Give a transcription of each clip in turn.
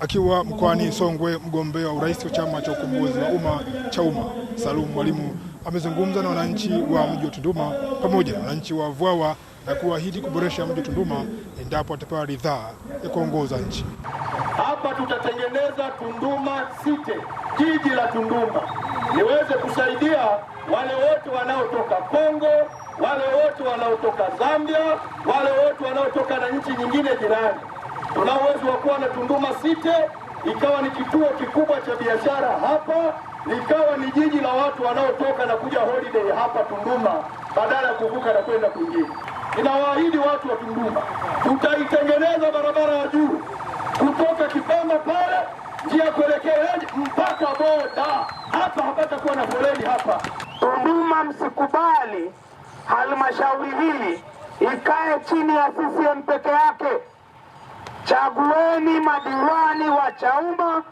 Akiwa mkoani Songwe, mgombea wa urais wa chama cha ukombozi wa umma cha umma Salum Mwalimu amezungumza na wananchi wa mji wa Tunduma pamoja na wananchi wa Vwawa na kuahidi kuboresha mji wa Tunduma endapo atapewa ridhaa ya kuongoza nchi. Hapa tutatengeneza Tunduma City, jiji la Tunduma, niweze kusaidia wale wote wanaotoka Kongo, wale wote wanaotoka Zambia, wale wote wanaotoka na nchi nyingine jirani tuna uwezo wa kuwa na Tunduma site ikawa ni kituo kikubwa cha biashara hapa, likawa ni jiji la watu wanaotoka na kuja holiday hapa Tunduma badala ya kuvuka na kwenda kwingine. Ninawaahidi watu wa Tunduma, tutaitengeneza barabara ya juu kutoka Kipamba pale njia ya kuelekea mpaka boda hapa, hapatakuwa na foleni hapa Tunduma. Msikubali halmashauri hii ikae chini ya CCM peke yake chagueni madiwani wa Chauma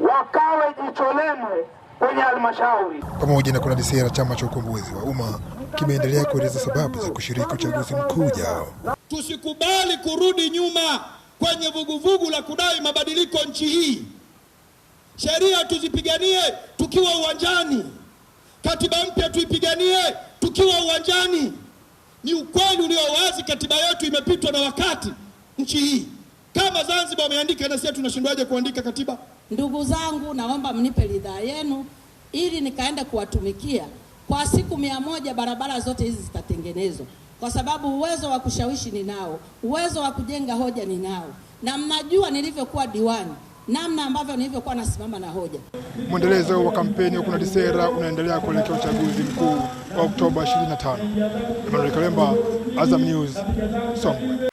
wakawe jicho lenu kwenye halmashauri. Pamoja na kunadisia na chama cha ukombozi wa umma kimeendelea kueleza sababu za kushiriki uchaguzi mkuu ujao. Tusikubali kurudi nyuma kwenye vuguvugu la kudai mabadiliko nchi hii. Sheria tuzipiganie tukiwa uwanjani, katiba mpya tuipiganie tukiwa uwanjani. Ni ukweli ulio wazi, katiba yetu imepitwa na wakati nchi hii. Kama Zanzibar wameandika na sisi tunashindwaje kuandika katiba? Ndugu zangu, naomba mnipe ridhaa yenu ili nikaenda kuwatumikia kwa siku mia moja. Barabara zote hizi zitatengenezwa, kwa sababu uwezo wa kushawishi ninao, uwezo wa kujenga hoja ninao, na mnajua nilivyokuwa diwani, namna ambavyo nilivyokuwa nasimama na hoja. Mwendelezo wa kampeni kuna disera unaendelea kuelekea uchaguzi mkuu wa Oktoba 25. Emmanuel Kalemba, Azam News, Songwe.